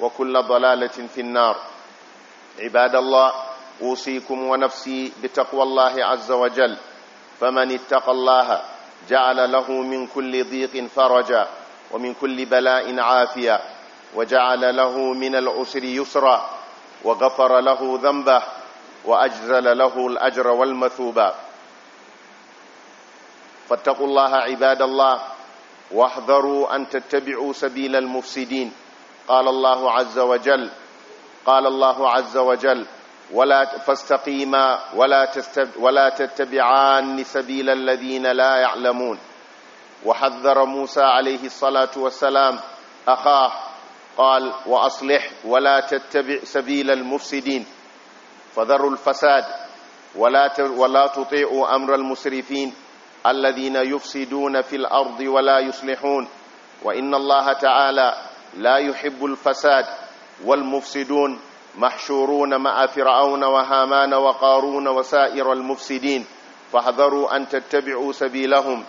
وكل ضلالة في النار عباد الله أوصيكم ونفسي بتقوى الله عز وجل فمن اتقى الله جعل له من كل ضيق فرجا ومن كل بلاء عافية وجعل له من العسر يسرا وغفر له ذنبه وأجزل له الأجر والمثوبة فاتقوا الله عباد الله واحذروا أن تتبعوا سبيل المفسدين قال الله عز وجل قال الله عز وجل ولا فاستقيما ولا ولا تتبعان سبيل الذين لا يعلمون وحذر موسى عليه الصلاة والسلام أخاه قال وأصلح ولا تتبع سبيل المفسدين فذروا الفساد ولا ولا تطيعوا أمر المسرفين الذين يفسدون في الأرض ولا يصلحون وإن الله تعالى لا يحب الفساد والمفسدون محشورون مع فرعون وهامان وقارون وسائر المفسدين فاحذروا أن تتبعوا سبيلهم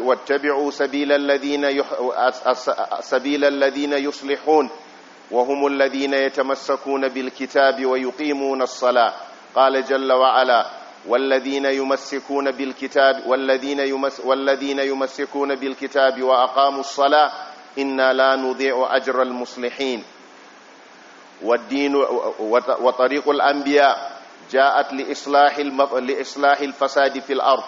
واتبعوا سبيل الذين سبيل الذين يصلحون وهم الذين يتمسكون بالكتاب ويقيمون الصلاة قال جل وعلا والذين يمسكون بالكتاب والذين يمس والذين يمسكون بالكتاب وأقاموا الصلاة إنا لا نضيع أجر المصلحين والدين وطريق الأنبياء جاءت لإصلاح, لإصلاح الفساد في الأرض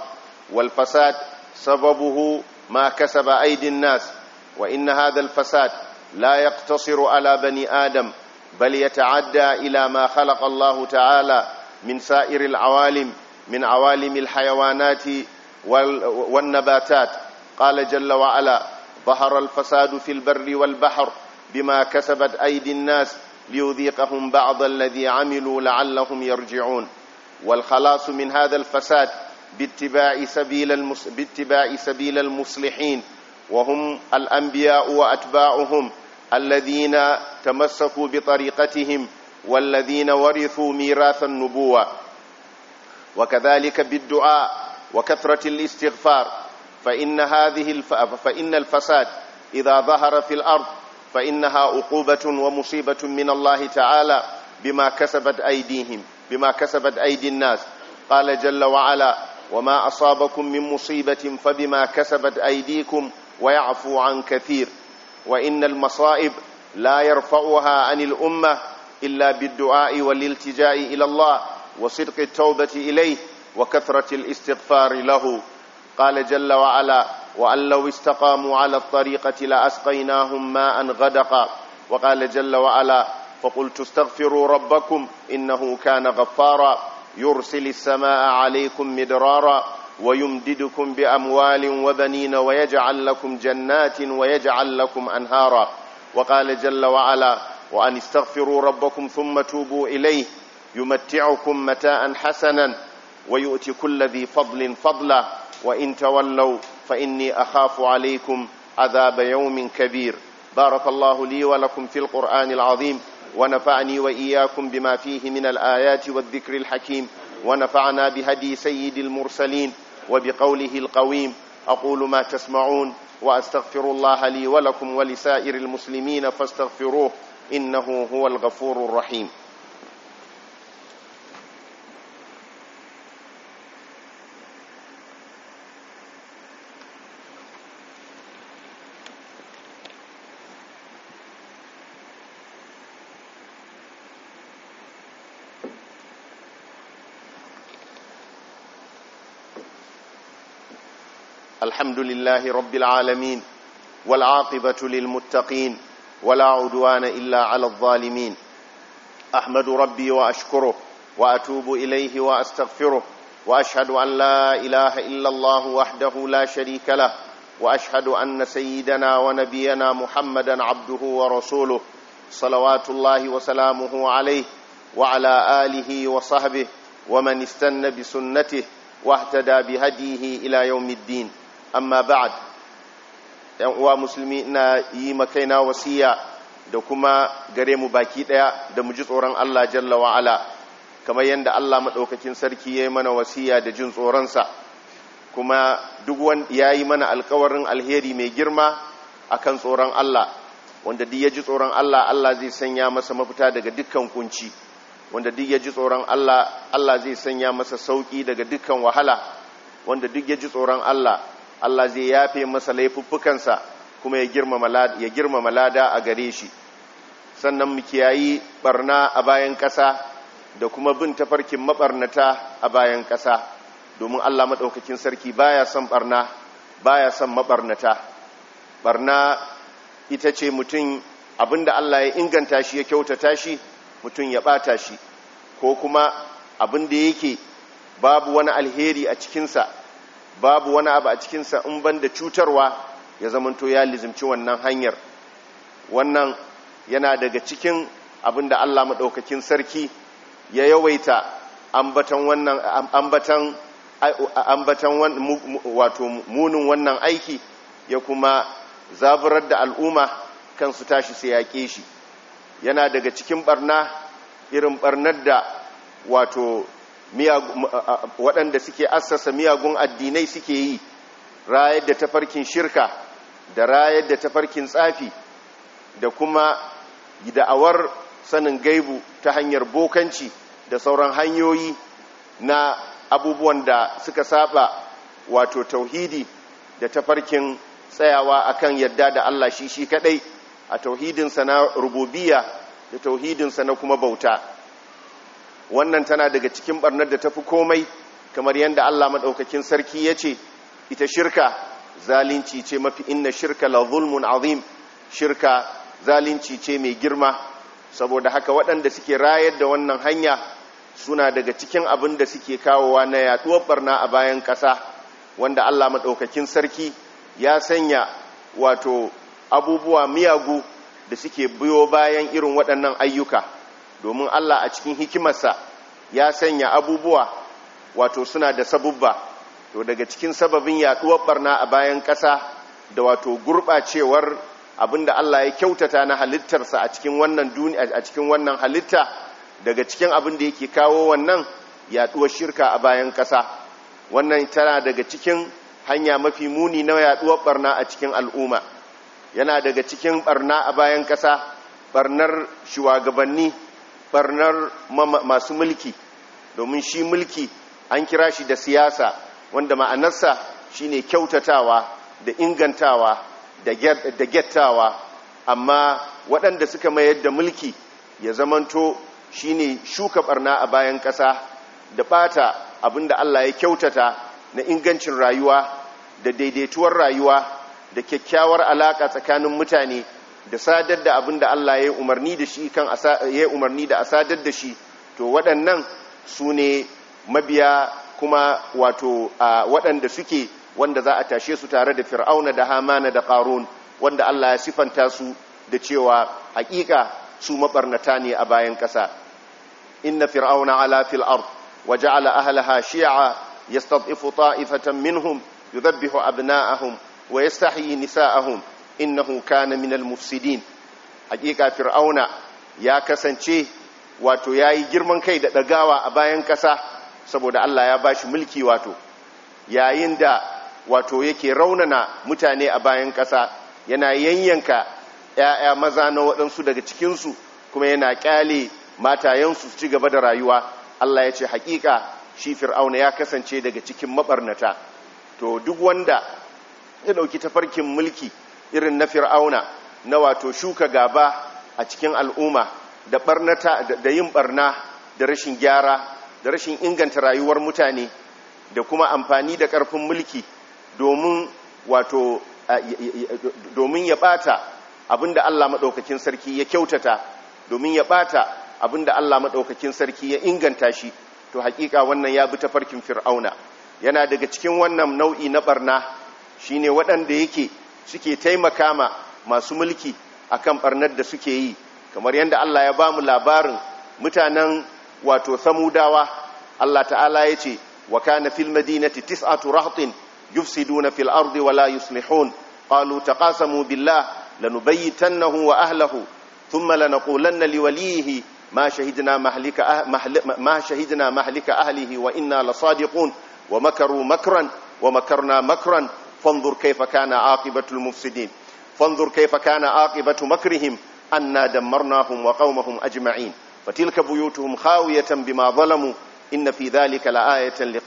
والفساد سببه ما كسب أيدي الناس وإن هذا الفساد لا يقتصر على بني آدم بل يتعدى إلى ما خلق الله تعالى من سائر العوالم من عوالم الحيوانات والنباتات قال جل وعلا ظهر الفساد في البر والبحر بما كسبت أيدي الناس ليذيقهم بعض الذي عملوا لعلهم يرجعون والخلاص من هذا الفساد باتباع سبيل, المس... باتباع سبيل المصلحين وهم الأنبياء وأتباعهم الذين تمسكوا بطريقتهم والذين ورثوا ميراث النبوة وكذلك بالدعاء وكثرة الاستغفار فإن, هذه الف... فإن الفساد إذا ظهر في الأرض فإنها عقوبة ومصيبة من الله تعالى بما كسبت أيديهم بما كسبت أيدي الناس قال جل وعلا وما أصابكم من مصيبة فبما كسبت أيديكم ويعفو عن كثير وإن المصائب لا يرفعها عن الأمة إلا بالدعاء والالتجاء إلى الله وصدق التوبة إليه وكثرة الاستغفار له قال جل وعلا وأن لو استقاموا على الطريقة لأسقيناهم ماء غدقا وقال جل وعلا فقلت استغفروا ربكم إنه كان غفارا يرسل السماء عليكم مدرارا ويمددكم بأموال وبنين ويجعل لكم جنات ويجعل لكم أنهارا وقال جل وعلا وأن استغفروا ربكم ثم توبوا إليه يمتعكم متاء حسنا ويؤتي كل ذي فضل فضله وإن تولوا فإني أخاف عليكم عذاب يوم كبير بارك الله لي ولكم في القرآن العظيم ونفعني وإياكم بما فيه من الآيات والذكر الحكيم ونفعنا بهدي سيد المرسلين وبقوله القويم أقول ما تسمعون وأستغفر الله لي ولكم ولسائر المسلمين فاستغفروه إنه هو الغفور الرحيم الحمد لله رب العالمين والعاقبة للمتقين ولا عدوان إلا على الظالمين أحمد ربي وأشكره وأتوب إليه وأستغفره وأشهد أن لا إله إلا الله وحده لا شريك له وأشهد أن سيدنا ونبينا محمدا عبده ورسوله صلوات الله وسلامه عليه وعلى آله وصحبه ومن استنى بسنته واهتدى بهديه إلى يوم الدين amma ba'ad yan uwa musulmi ina yi makaina wasiya da kuma gare mu baki ɗaya da mu ji tsoron Allah jalla wa'ala kamar yadda Allah maɗaukakin sarki ya yi mana wasiya da jin tsoronsa kuma duk wanda yi mana alkawarin alheri mai girma a kan tsoron Allah wanda duk ya ji tsoron Allah Allah zai sanya masa mafita daga dukkan kunci wanda duk ya ji tsoron Allah Allah zai sanya masa sauki daga dukkan wahala wanda duk ya ji tsoron Allah Allah zai yafe masa laifuffukansa kuma ya girmama lada a gare shi sannan mu kiyayi barna a bayan ƙasa da kuma bin tafarkin mabarnata a bayan ƙasa domin Allah maɗaukakin sarki baya son barna baya son mabarnata barna ita ce mutum abinda Allah ya inganta shi ya kyautata shi mutum ya ɓata shi ko kuma abinda yake babu wani alheri a cikinsa babu wani abu a cikinsa in ban da cutarwa ya zamanto ya lizimci wannan hanyar wannan yana daga cikin abin da allah maɗaukakin sarki ya yawaita ambatan wannan wato munin wannan aiki ya kuma zaburar da al'umma kan su tashi sai yaƙe shi yana daga cikin barna irin barnar da wato waɗanda suke assasa miyagun addinai suke yi rayar da tafarkin shirka da rayar da tafarkin tsafi da kuma da'awar sanin gaibu ta hanyar bokanci da sauran hanyoyi na abubuwan da suka saba wato tauhidi da tafarkin tsayawa akan yadda da Allah shi shi kadai a tauhidinsa na rububiya da tauhidinsa na kuma bauta wannan tana daga cikin barnar da ta fi komai kamar yadda Allah Maɗaukakin sarki ya ce ita shirka zalinci ce mafi inna shirka la zulmun azim shirka zalinci ce mai girma saboda haka waɗanda suke rayar da wannan hanya suna daga cikin abin da suke kawowa na yaduwar barna a bayan ƙasa wanda Allah Maɗaukakin sarki ya sanya wato abubuwa miyagu da suke biyo bayan irin waɗannan ayyuka domin Allah a cikin hikimarsa ya sanya abubuwa wato suna da sabubba to daga cikin sababin yaduwar barna a bayan ƙasa da wato gurbacewar abinda Allah ya kyautata na halittarsa a cikin wannan duniya a cikin wannan halitta daga cikin abin da yake kawo wannan yaduwar shirka a bayan ƙasa wannan tana daga cikin hanya mafi muni na yaduwar barna a cikin al'umma yana daga cikin barna a bayan ƙasa barnar shugabanni barnar masu mulki domin shi mulki an kira shi da siyasa wanda ma'anarsa shi ne kyautatawa da ingantawa da gettawa amma waɗanda suka mayar da mulki ya zamanto shi ne shuka barna a bayan ƙasa da ɓata abinda Allah ya kyautata na ingancin rayuwa da daidaituwar rayuwa da kyakkyawar alaƙa tsakanin mutane da sadar da abin da Allah ya umarni da shi kan ya umarni da a sadar da shi to waɗannan su ne mabiya kuma wato a waɗanda suke wanda za a tashe su tare da fir'auna da hamana da ƙarun wanda Allah ya sifanta su da cewa hakika su maɓarnata ne a bayan ƙasa inna fir'auna ala fil ard wa ja'ala ahlaha shi'a yastad'ifu ta'ifatan minhum yudabbihu abna'ahum wa yastahyi nisa'ahum innahu kana minal mufsidin hakika fir'auna ya kasance wato yayi girman kai da dagawa a bayan kasa saboda Allah ya bashi mulki wato yayin da wato yake raunana mutane a bayan kasa yana yanyanka yaya maza na waɗansu daga cikinsu kuma yana kyale matayensu su ci gaba da rayuwa Allah ya ce hakika shi fir'auna ya kasance daga cikin mabarnata to duk wanda ya dauki tafarkin mulki irin na fir'auna na wato shuka gaba a cikin al'umma da barnata da yin barna da rashin gyara da rashin inganta rayuwar mutane da kuma amfani da ƙarfin mulki domin wato domin ya bata abinda Allah madaukakin sarki ya kyautata domin ya bata abinda Allah madaukakin sarki ya inganta shi to hakika wannan ya bi ta farkin fir'auna yana daga cikin wannan nau'i na barna shine waɗanda yake suke taimaka ma masu mulki akan barnar da suke yi kamar yadda Allah ya bamu labarin mutanen wato samudawa Allah ta'ala ya ce wa kana fil madinati tis'atu rahtin yufsiduna fil ardi wa la yuslihun qalu taqasamu billah lanubayyitannahu wa ahlihi thumma lanaqulanna liwalihi ma shahidna mahlika ah-, ma shahidna mahlika ahlihi wa inna lasadiqun wa makaru makran wa makarna makran Fonzur Kai Faka na akwai batu Mofsidin Fonzur Kai Faka na akwai batu Mokrihin ana dammar na hamwa kauma ham a jima'in Fatima ka fi da la'a ya talli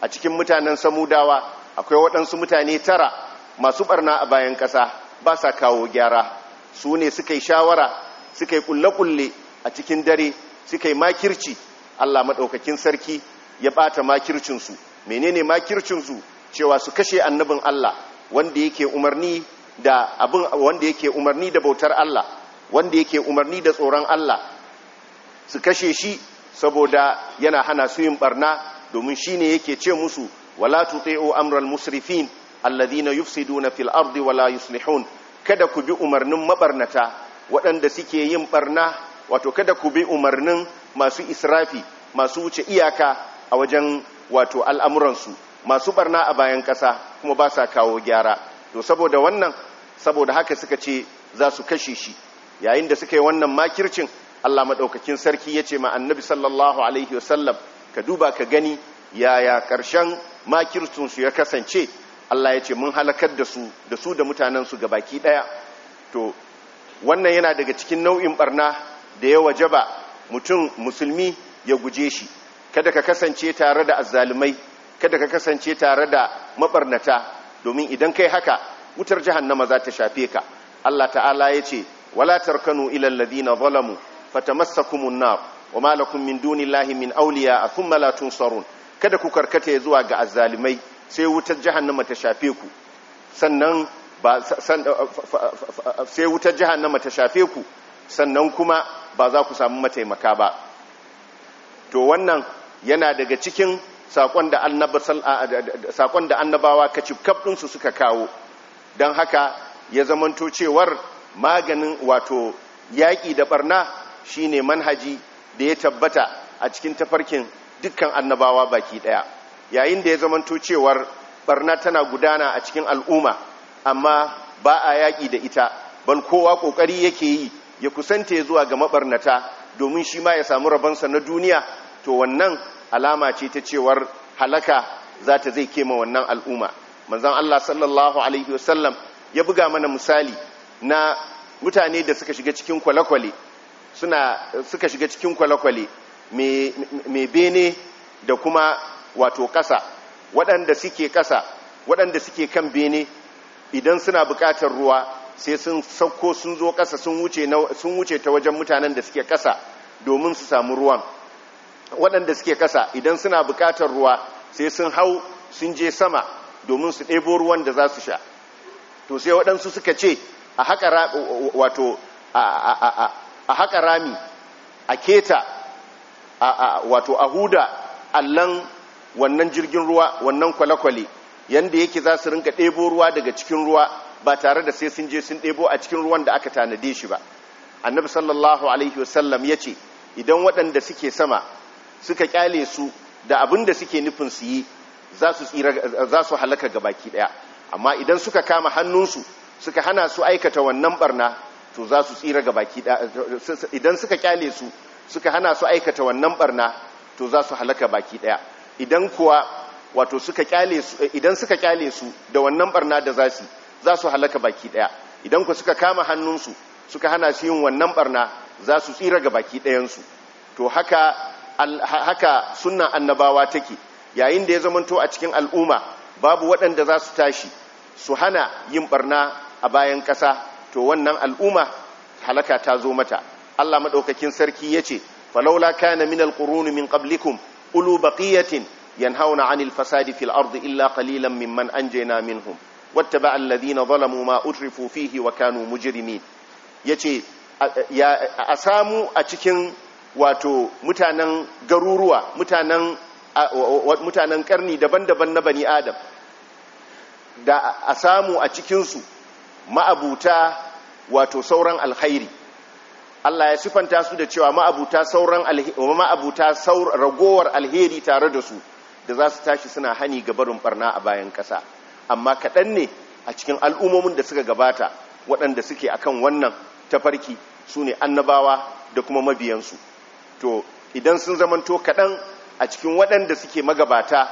A cikin mutanen samudawa akwai waɗansu mutane tara masu ɓarna a bayan ƙasa ba sa kawo gyara su ne su kai shawara su kai kule a cikin dare su kai makirci Allah maɗaukakin Sarki ya ɓata makircinsu mene ne makircinsu. cewa su kashe annabin Allah wanda yake umarni da abin wanda yake umarni da bautar Allah wanda yake umarni da tsoron Allah su kashe shi saboda yana hana su yin barna domin shine yake ce musu wala tuti'u amral musrifin alladhina yufsiduna fil ardi wala yuslihun kada ku bi umarnin mabarnata waɗanda suke yin barna wato kada ku bi umarnin masu israfi masu wuce iyaka a wajen wato al'amuransu masu barna a bayan ƙasa kuma ba sa kawo gyara to saboda wannan saboda haka suka ce za su kashe shi yayin da suka yi wannan makircin Allah maɗaukakin sarki ya ce ma annabi sallallahu alaihi wasallam ka duba ka gani yaya ƙarshen makircinsu ya kasance Allah ya ce mun halakar da su da su da mutanensu ga baki ɗaya to wannan yana daga cikin nau'in barna da ya wajaba mutum musulmi ya guje shi kada ka kasance tare da azzalumai kada ka kasance tare da mabarnata domin idan kai haka wutar jahannama za ta shafe ka Allah ta'ala ya ce wala tarkanu ila alladhina zalamu fatamassakumun nar wama lakum min dunillahi min awliya thumma la tunsarun kada ku karkata zuwa ga azzalimai sai wutar jahannama ta shafe ku sannan ba sai wutar jahannama ta shafe ku sannan kuma ba za ku samu mataimaka ba to wannan yana daga cikin Saƙon da annabawa ka kacifkaf ɗinsu suka kawo don haka ya zamanto cewar maganin wato yaƙi da ɓarna shine manhaji da ya tabbata a cikin tafarkin dukkan annabawa baki ɗaya yayin da ya zamanto cewar ɓarna tana gudana a cikin al'umma amma ba a yaƙi da ita ban kowa ƙoƙari yake yi ya kusanta zuwa ga maɓarnata domin shi ma ya samu rabonsa na duniya to wannan alama ce ta cewar halaka za ta zai kema wannan al'umma manzan Allah sallallahu alaihi wasallam ya buga mana misali na mutane da suka shiga cikin kwale-kwale suna suka shiga cikin kwale-kwale mai bene da kuma wato ƙasa waɗanda suke ƙasa waɗanda suke kan bene idan suna buƙatar ruwa sai sun sauko sun zo ƙasa sun wuce ta wajen mutanen da suke ƙasa domin su samu ruwan waɗanda suke kasa idan suna buƙatar ruwa sai sun hau sun je sama domin su ɗebo ruwan da za su sha to sai waɗansu suka ce a haƙa rami a keta wato a huda allan wannan jirgin ruwa wannan kwale-kwale yadda yake za su rinka ɗebo ruwa daga cikin ruwa ba tare da sai sun je sun ɗebo a cikin ruwan da aka tanade shi ba annabi sallallahu alaihi wasallam ya ce idan waɗanda suke sama suka kyale su da abin da suke nufin su yi za su halaka ga baki daya amma idan suka kama hannunsu suka hana su aikata wannan barna to za su tsira ga baki daya idan suka kyale su suka hana su aikata wannan barna to za su halaka baki daya idan kuwa wato suka kyale su idan suka kyale su da wannan barna da za su za su halaka baki daya idan ku suka kama hannunsu suka hana su yin wannan barna za su tsira ga baki ɗayansu to haka haka sunna annabawa take yayin da ya zamanto a cikin al'umma babu waɗanda za su tashi su hana yin barna a bayan ƙasa to wannan al'umma halaka ta zo mata Allah maɗaukakin sarki ya ce falaula kana min alquruni min ƙablikum ulu baqiyatin yanhauna 'anil fasadi fil ardi illa qalilan mimman anjayna minhum wattaba'a alladhina zalamu ma utrifu fihi wa kanu mujrimin yace a samu a cikin wato mutanen garuruwa mutanen mutanen karni daban-daban na bani adam da a samu a cikinsu ma'abuta wato sauran alkhairi Allah ya sifanta su da cewa ma'abuta sauran ma'abuta ragowar alheri tare da su da za su tashi suna hani ga barin barna a bayan ƙasa amma kaɗan ne a cikin al'ummomin da suka gabata waɗanda suke akan wannan tafarki su ne annabawa da kuma mabiyansu to idan sun zamanto kaɗan a cikin waɗanda suke magabata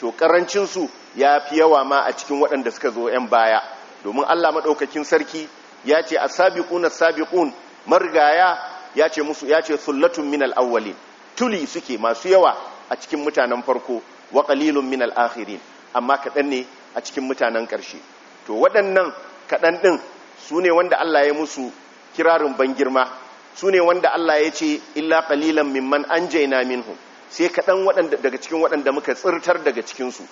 to ƙarancinsu ya fi yawa ma a cikin waɗanda suka zo 'yan baya domin allah maɗaukakin sarki ya ce a sabiƙun na sabiƙun marigaya ya ce musu ya ce sullatun min al'awwalin tuli suke masu yawa a cikin mutanen farko wa ƙalilun min al'akhirin amma kaɗan ne a cikin mutanen ƙarshe to waɗannan kaɗan ɗin su ne wanda allah ya musu kirarin ban girma su ne wanda Allah ya ce illa kalilan mimman anjayna minhu sai kaɗan daga cikin waɗanda muka tsirtar daga cikinsu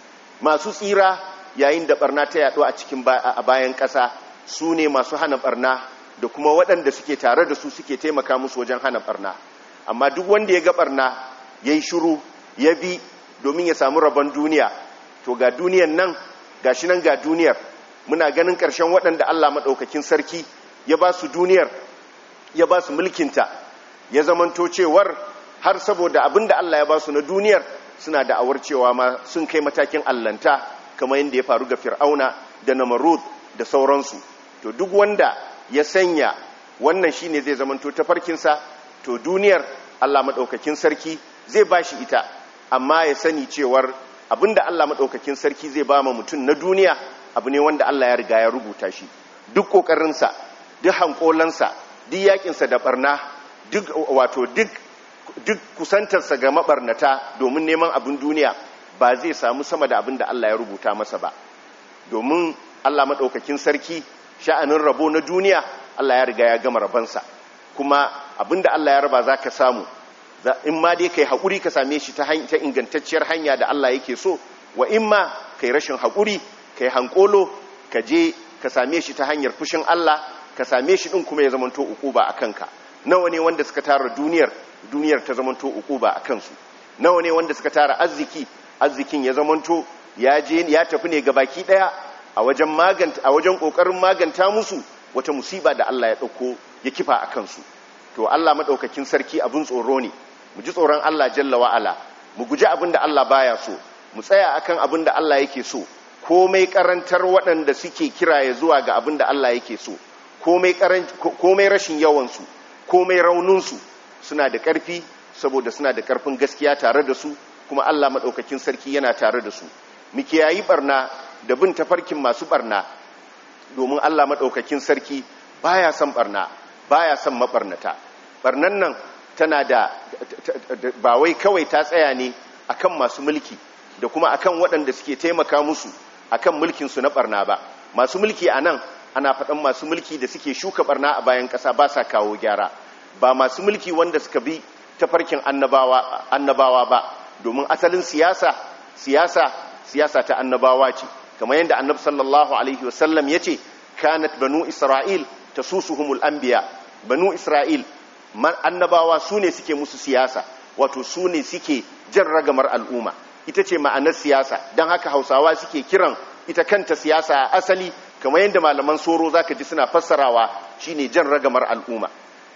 masu tsira yayin da ɓarna ta yaɗo a cikin bayan ƙasa su ne masu hana ɓarna da kuma waɗanda suke tare da su suke taimaka musu wajen hana ɓarna amma duk wanda ya ga ɓarna ya yi shuru ya bi domin ya samu rabon duniya to ga duniyar nan ga shi nan ga duniyar muna ganin ƙarshen waɗanda allah maɗaukakin sarki ya ba su duniyar ya ba su mulkinta ya zamanto cewar har saboda abin da Allah ya ba su na duniyar suna da'awar cewa ma sun kai matakin allanta kamar yadda ya faru ga fir'auna da namarud da sauransu to duk wanda ya sanya wannan shi ne zai zamanto tafarkinsa to duniyar Allah maɗaukakin sarki zai ba shi ita amma ya sani cewar abinda Allah maɗaukakin sarki zai ba ma mutum na duniya abu ne wanda Allah ya riga ya rubuta shi duk ƙoƙarinsa duk hankolansa duk yakinsa da barna duk wato duk kusantarsa ga mabarnata domin neman abin duniya ba zai samu sama da abin da Allah ya rubuta masa ba domin Allah maɗaukakin sarki sha'anin rabo na duniya Allah ya riga ya gama rabansa kuma abin da Allah ya raba za ka samu in ma dai kai haƙuri ka same shi ta ingantacciyar hanya da Allah yake so wa in ma kai rashin haƙuri kai hankolo ka je ka same shi ta hanyar fushin Allah ka same shi ɗin kuma ya zamanto ukuba a kanka nawa ne wanda suka tara duniyar duniyar ta zamanto ukuba a kansu nawa ne wanda suka tara arziki arzikin ya zamanto ya je ya tafi ne ga baki daya a wajen maganta a wajen kokarin maganta musu wata musiba da Allah ya dauko ya kifa a kansu to Allah madaukakin sarki abun tsoro ne mu ji tsoron Allah jalla wa ala mu guji abin da Allah baya so mu tsaya akan abin da Allah yake so komai karantar waɗanda suke kiraye zuwa ga abin da Allah yake so komai rashin yawansu komai rauninsu suna da ƙarfi saboda suna da ƙarfin gaskiya tare da su kuma Allah maɗaukakin sarki yana tare da su muke yayi barna da bin tafarkin masu barna domin Allah maɗaukakin sarki baya son barna baya son maɓarnata barnan nan tana da ba wai kawai ta tsaya ne akan masu mulki da kuma akan waɗanda suke taimaka musu akan mulkinsu na ɓarna ba masu mulki a nan ana faɗan masu mulki da suke shuka barna a bayan ƙasa ba sa kawo gyara ba masu mulki wanda suka bi tafarkin annabawa annabawa ba domin asalin siyasa siyasa siyasa ta annabawa ce kamar yadda annab sallallahu alaihi wasallam ce kanat banu isra'il tasusuhumul anbiya banu isra'il annabawa su ne suke musu siyasa wato su ne suke jan ragamar al'umma ita ce ma'anar siyasa don haka hausawa suke kiran ita kanta siyasa a asali kamar yadda malaman soro za ka ji suna fassarawa shine jan ragamar al'umma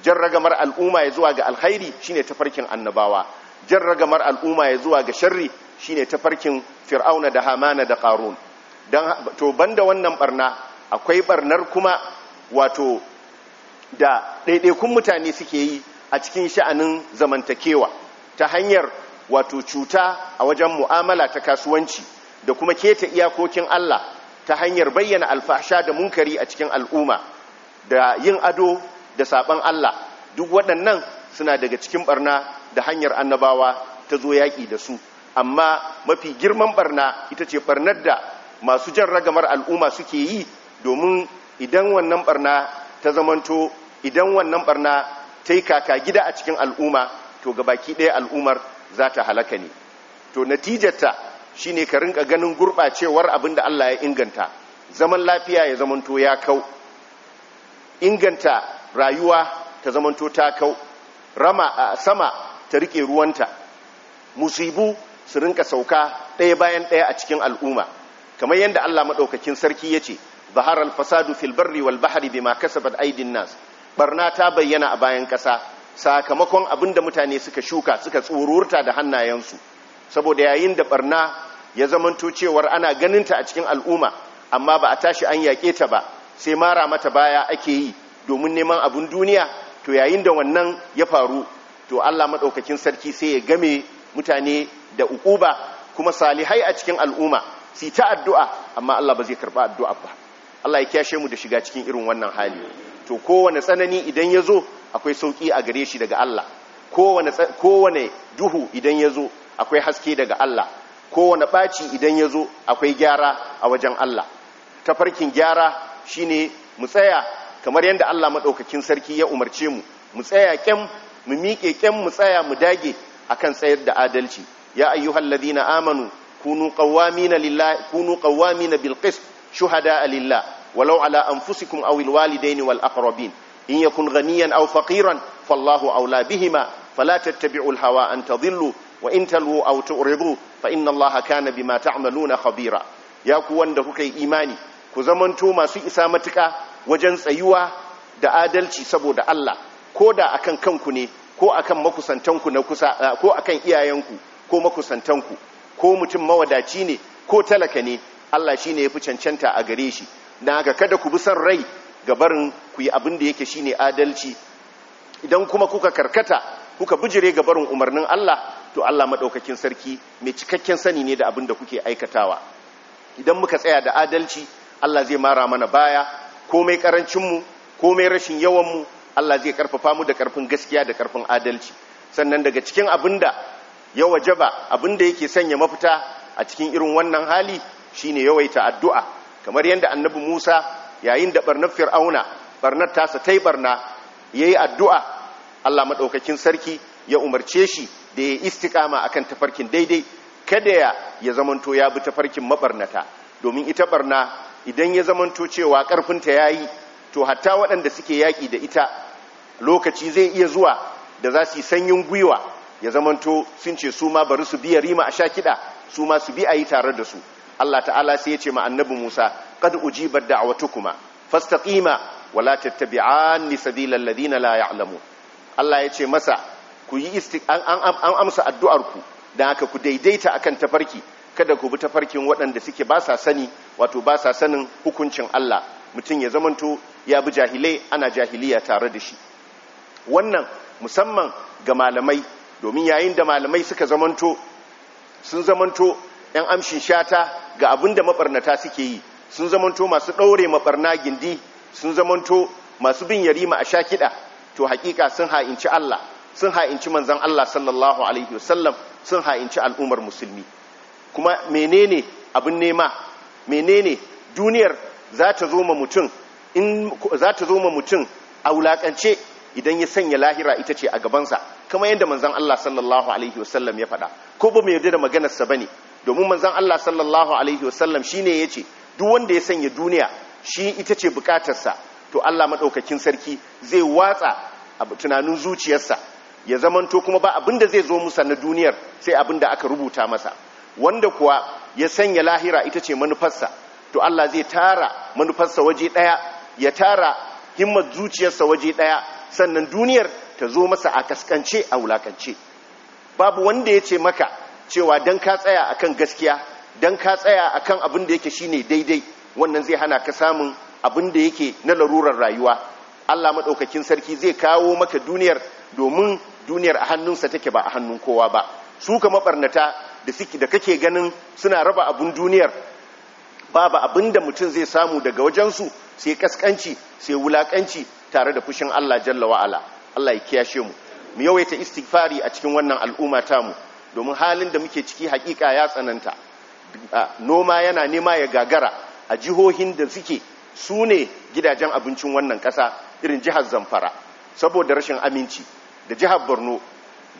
jan ragamar al'umma ya zuwa ga alkhairi shine tafarkin annabawa jan ragamar al'umma ya zuwa ga sharri shine farkin fir'auna da hamana da qarun To to banda wannan barna akwai barnar kuma wato da ɗaiɗaikun mutane suke yi a cikin sha'anin zamantakewa ta hanyar wato cuta a wajen mu'amala ta kasuwanci da kuma keta iyakokin Allah ta hanyar bayyana alfahsha da munkari a cikin al'umma da yin ado da saban Allah duk waɗannan suna daga cikin barna da hanyar annabawa ta zo yaƙi da su amma mafi girman barna ita ce barnar da masu jan ragamar al'umma suke yi domin idan wannan barna ta zamanto idan wannan barna ta yi kaka gida a cikin al'umma to ga baki ɗaya al'ummar za ta halaka ne to natijarta Shi shine ka rinka ganin gurɓacewar abin da Allah ya inganta zaman lafiya ya zamanto ya kau inganta rayuwa ta zamanto ta kau rama a sama ta rike ruwanta musibu su rinka sauka ɗaya bayan ɗaya a cikin al'umma kamar yadda Allah maɗaukakin sarki ya ce bahar fasadu fil barri wal bahari bima kasabat aidin nas barna ta bayyana a bayan ƙasa sakamakon abin da mutane suka shuka suka tsururta da hannayensu saboda yayin da barna ya zamanto cewar ana ganinta a cikin al'umma amma ba a tashi an yaƙe ta ba sai mara mata baya ake yi domin neman abun duniya to yayin da wannan ya faru to Allah maɗaukakin sarki sai ya game mutane da ukuba kuma salihai a cikin al'umma si ta addu'a amma Allah ba zai karɓa addu'a ba Allah ya kyashe mu da shiga cikin irin wannan hali to kowane tsanani idan ya zo akwai sauƙi a gare shi daga Allah kowane duhu idan ya zo akwai haske daga Allah kowane ɓaci idan ya zo akwai gyara a wajen Allah tafarkin gyara shine mu tsaya kamar yadda Allah maɗaukakin sarki ya umarce mu mu tsaya ƙyan mu miƙe ƙyan mu tsaya mu dage akan tsayar da adalci ya ayyuhal ladina amanu kunu ƙawwami na bilkis shuhada a shuhada lillah walau ala anfusikum aw al walidaini wal aqrabin in yakun ghaniyan aw faqiran fallahu awla bihima fala tattabi'u al hawa an tadhillu wa in talwu aw tu'ridu fa inna allaha kana bima ta'maluna khabira ya ku wanda kuka yi imani ku zamanto masu isa matuka wajen tsayuwa da adalci saboda Allah ko da akan kanku ne ko akan makusantanku na kusa ko akan iyayenku ko makusantanku ko mutum mawadaci ne ko talaka ne Allah shine yafi cancanta a gare shi naga kada ku bi san rai ga barin ku yi abin da yake shine adalci idan kuma kuka karkata kuka bijire ga barin umarnin Allah to Allah madaukakin sarki mai cikakken sani ne da abin da kuke aikatawa idan muka tsaya da adalci Allah zai mara mana baya komai karancin mu komai rashin yawan mu Allah zai karfafa mu da karfin gaskiya da karfin adalci sannan daga cikin abinda ya wajaba abinda yake sanya mafita a cikin irin wannan hali shine yawaita addu'a kamar yadda annabi Musa yayin da barnar fir'auna barnar tasa tai barna yayi addu'a Allah madaukakin sarki ya umarce shi da ya istikama akan tafarkin daidai kada ya zamanto ya bi tafarkin mabarnata domin ita barna idan ya zamanto cewa karfinta yi, to hatta waɗanda suke yaƙi da ita lokaci zai iya zuwa da za su yi sanyin gwiwa ya zamanto sun ce su ma bari su biya rima a sha kiɗa su ma su bi a yi tare da su Allah ta'ala sai ya ce ma annabi Musa qad kuma fasta ƙima wala tattabi'an ni sabilil ladina la ya'alamu Allah ya ce masa ku yi an amsa addu'arku don aka ku daidaita akan tafarki kada ku bi tafarkin waɗanda suke ba sa sani wato ba sa sanin hukuncin Allah mutum ya zamanto ya bi jahilai ana jahiliya tare da shi wannan musamman ga malamai domin yayin da malamai suka zamanto sun zamanto 'yan amshin shata ga abin da maɓarnata suke yi sun zamanto masu ɗaure maɓarna gindi sun zamanto masu bin yarima a sha kiɗa to haƙiƙa sun ha'inci Allah sun ha'inci manzan Allah sallallahu alaihi wasallam sun ha'inci al'ummar musulmi kuma menene abin nema menene duniyar za ta zo ma mutum in za zo mutum a wulakance idan ya sanya lahira ita ce a gabansa kama yadda manzan Allah sallallahu alaihi wasallam ya faɗa ko ba mu yarda da maganarsa ba ne? domin manzan Allah sallallahu alaihi wasallam ya ce, duk wanda ya sanya duniya shi ita ce bukatarsa to Allah maɗaukakin sarki zai watsa a tunanin zuciyarsa ya zamanto kuma ba abin da zai zo musa na duniyar sai abin da aka rubuta masa wanda kuwa ya sanya lahira ita ce manufarsa to Allah zai tara manufarsa waje daya ya tara himmar zuciyarsa waje daya sannan duniyar ta zo masa a kaskance a wulakance babu wanda ya ce maka cewa dan ka tsaya akan gaskiya dan ka tsaya akan abin da yake shine daidai wannan zai hana ka samun abin da yake na larurar rayuwa Allah madaukakin sarki zai kawo maka duniyar domin duniyar a hannunsa take ba a hannun kowa ba su ka mabarnata da suke da kake ganin suna raba abun duniyar babu abin da mutum zai samu daga wajensu sai kaskanci sai wulakanci tare da fushin Allah jalla wa'ala Allah ya kiyashe mu mu yawaita istighfari a cikin wannan al'umma mu domin halin da muke ciki hakika ya tsananta noma yana nema ya gagara a jihohin da suke su ne gidajen abincin wannan ƙasa irin jihar zamfara saboda rashin aminci da jihar borno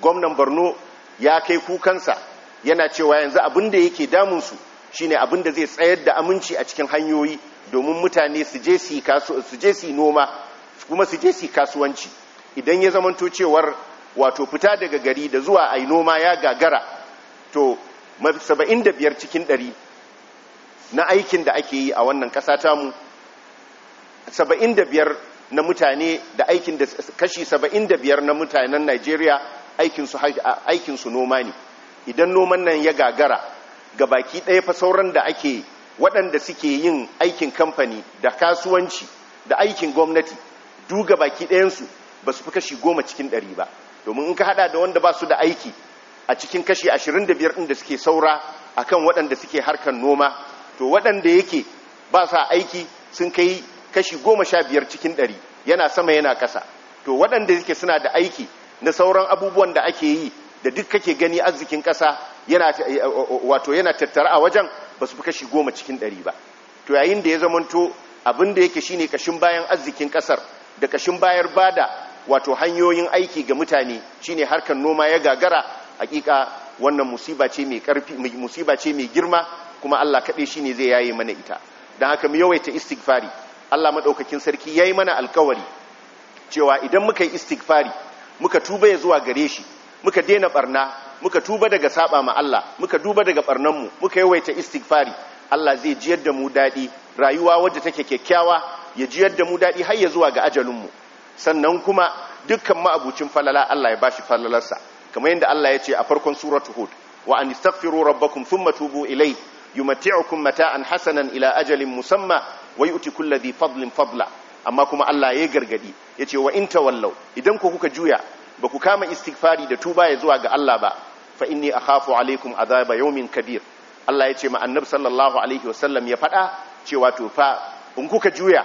gwamnan borno ya kai kukansa yana cewa yanzu abin da yake damunsu shine abin da zai tsayar da aminci a cikin hanyoyi domin mutane su je su noma kuma su je su kasuwanci idan ya zamanto cewar wato fita daga gari da zuwa a noma ya gagara to 75 cikin 100 na aikin da ake yi a wannan ƙasa tamu 75 na mutane da aikin da kashi 75 na mutanen Najeriya aikin su noma ne idan noman nan ya gagara ga baki ɗaya fa sauran da ake waɗanda suke yin aikin kamfani da kasuwanci da aikin gwamnati duga baki ɗayansu ba su fi kashi goma cikin ɗari ba domin in ka haɗa da wanda ba su da aiki a cikin kashi 25 ɗin da suke saura akan waɗanda suke harkar noma to waɗanda yake ba sa aiki sun kai kashi goma sha biyar cikin ɗari yana sama yana ƙasa to waɗanda yake suna da aiki na sauran abubuwan da ake yi da duk kake gani arzikin ƙasa wato yana tattara a wajen ba su fi kashi goma cikin ɗari ba to yayin da ya zamanto abin da yake shine kashin bayan arzikin ƙasar da kashin bayar bada wato hanyoyin aiki ga mutane shine harkar noma ya gagara hakika wannan musiba ce mai girma kuma Allah kaɗai ne zai yaye mana ita don haka mu yawaita istighfari Allah madaukakin sarki yayi mana alkawari cewa idan muka yi istighfari muka tuba ya zuwa gare shi muka dena barna muka tuba daga saba ma Allah muka duba daga barnan mu muka yawaita istighfari Allah zai jiyar da mu daɗi rayuwa wadda take kyakkyawa ya jiyar da mu daɗi har ya zuwa ga ajalin mu sannan kuma dukkan ma'abucin falala Allah ya bashi falalarsa kamar yadda Allah ya ce a farkon suratu hud wa an istaghfiru rabbakum thumma tubu ilayhi yumati'ukum mata'an hasanan ila ajalin musamma wa yu'ti kulli dhi fadlin fadla amma kuma Allah ya gargadi yace wa in tawallaw idan ku kuka juya ba ku kama istighfari da tuba ya zuwa ga Allah ba fa inni akhafu alaikum azaba yawmin kabir Allah yace ma annabi sallallahu alaihi wasallam ya fada cewa to fa in kuka juya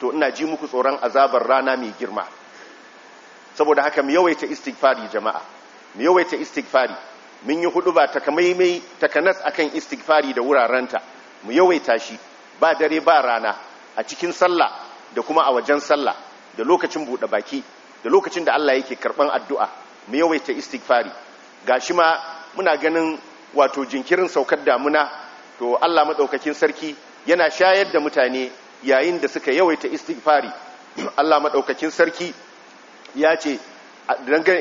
to ina ji muku tsoron azabar rana mai girma saboda haka mu yawaita istighfari jama'a mu yawaita istighfari mun yi hudu ba takamaimai takanas akan istighfari da wurarenta mu yawaita shi ba dare ba rana a cikin sallah da kuma a wajen sallah da lokacin buɗe baki da lokacin da Allah yake karɓan addu'a mu yawaita istighfari gashi ma muna ganin wato jinkirin saukar damuna to Allah madaukakin sarki yana shayar da mutane yayin da suka yawaita istighfari Allah madaukakin sarki ya ce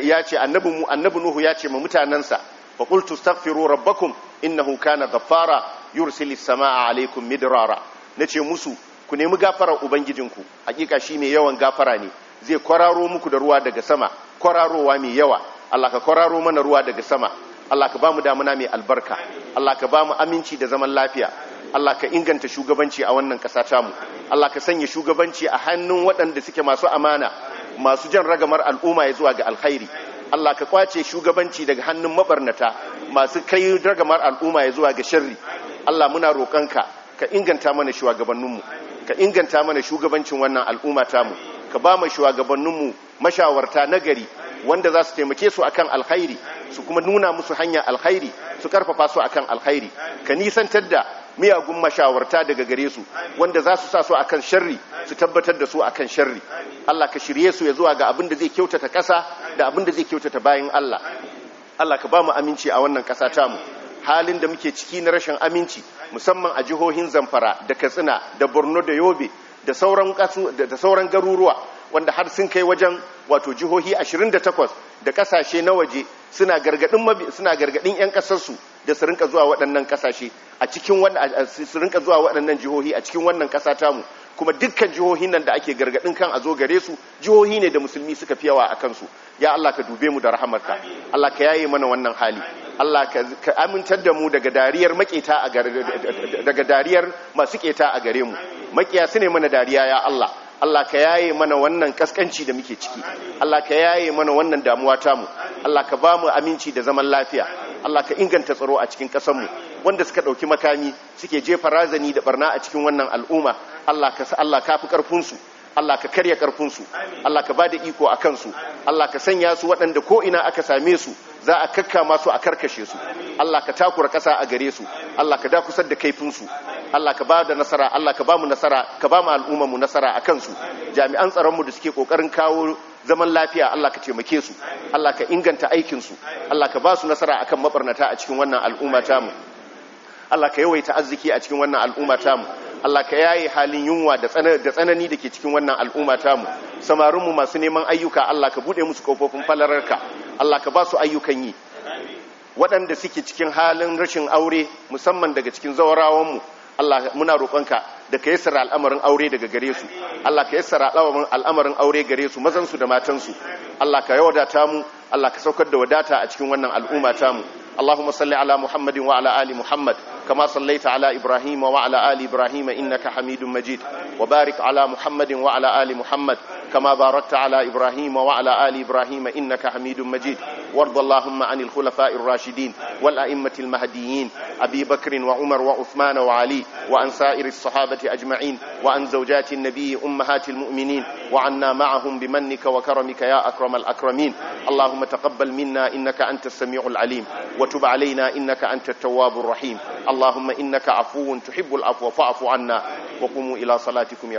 ya ce annabi Nuhu ya ce ma mutanansa فقلت استغفروا ربكم انه كان غفارا يرسل السماء عليكم alaikum midrara nace musu ku nemi gafarar ubangijinku hakika shi mai yawan gafara ne zai kwararo muku da ruwa daga sama kwararowa mai yawa Allah ka kwararo mana ruwa daga sama Allah ka bamu damuna mai albarka Allah ka bamu aminci da zaman lafiya Allah ka inganta shugabanci a wannan ƙasa tamu Allah ka sanya shugabanci a hannun waɗanda suke masu amana masu jan ragamar al'umma ya zuwa ga alkhairi Allah ka kwace shugabanci daga hannun mabarnata masu kai ragamar al'umma ya zuwa ga sharri Allah muna roƙonka ka inganta mana shugabanninmu ka inganta mana shugabancin wannan al'umma tamu ka ba mu shugabanninmu mashawarta nagari wanda za su taimake su akan alkhairi su kuma nuna musu hanya alkhairi su karfafa su akan alkhairi ka nisantar da miyagun mashawarta daga gare su wanda za su sa su akan sharri su tabbatar da su akan sharri Allah ka shirye su ya zuwa ga abin da zai kyautata kasa da abin da zai kyautata bayan Allah Allah ka ba mu aminci a wannan ƙasa mu, halin da muke ciki na rashin aminci musamman a jihohin Zamfara da Katsina da Borno da Yobe da sauran da sauran garuruwa wanda har sun kai wajen wato jihohi 28 da kasashe na waje suna gargadin suna gargadin yan kasarsu da su rinka zuwa waɗannan kasashe a cikin wannan su rinka zuwa waɗannan jihohi a cikin wannan ƙasa tamu kuma dukkan jihohin nan da ake gargaɗin kan a zo gare su jihohi ne da musulmi suka fi yawa a kansu ya Allah ka dube mu da rahamarka Allah ka yaye mana wannan hali Allah ka amintar da mu daga dariyar maƙeta a gare daga dariyar masu keta a gare mu Maƙiya su ne mana dariya ya Allah Allah ka yaye mana wannan kaskanci da muke ciki Allah ka yaye mana wannan damuwa tamu Allah ka ba mu aminci da zaman lafiya Allah ka inganta tsaro a cikin ƙasanmu wanda suka ɗauki makami suke jefa razani da barna a cikin wannan al'umma Allah ka Allah ka fi ƙarfinsu Allah ka karya ƙarfinsu Allah ka ba da iko a kansu Allah ka sanya su waɗanda ko ina aka same su za a kakkama su a karkashe su Allah ka takura ƙasa a gare su Allah ka dakusar da kaifinsu Allah ka ba da nasara Allah ka ba mu nasara ka ba mu al'umma mu nasara a kansu jami'an tsaronmu da suke ƙoƙarin kawo zaman lafiya Allah ka taimake su Allah ka inganta aikinsu Allah ka ba su nasara akan mabarnata a cikin wannan al'umma tamu Allah ka yawaita arziki a cikin wannan al'umma tamu Allah ka yaye halin yunwa da tsanani da ke cikin wannan al'umma tamu samarinmu masu neman ayyuka Allah ka bude musu kofofin falararka Allah ka ba su ayyukan yi waɗanda suke cikin halin rashin aure musamman daga cikin zawarawanmu Allah muna roƙonka da ka yassara al'amarin aure daga gare su Allah ka yassara al'amarin aure gare su mazan su da matan su Allah ka yawadata mu Allah ka saukar da wadata a cikin wannan al'umma ta mu Allahumma salli ala Muhammadin wa ala ali Muhammad kama sallaita ala Ibrahim wa ala ali Ibrahim innaka Hamidum Majid wa barik ala Muhammadin wa ali Muhammad كما باركت على إبراهيم وعلى آل إبراهيم إنك حميد مجيد وارض اللهم عن الخلفاء الراشدين والأئمة المهديين أبي بكر وعمر وعثمان وعلي وعن سائر الصحابة أجمعين وعن زوجات النبي أمهات المؤمنين وعنا معهم بمنك وكرمك يا أكرم الأكرمين اللهم تقبل منا إنك أنت السميع العليم وتب علينا إنك أنت التواب الرحيم اللهم إنك عفو تحب العفو فاعف عنا وقوموا إلى صلاتكم يا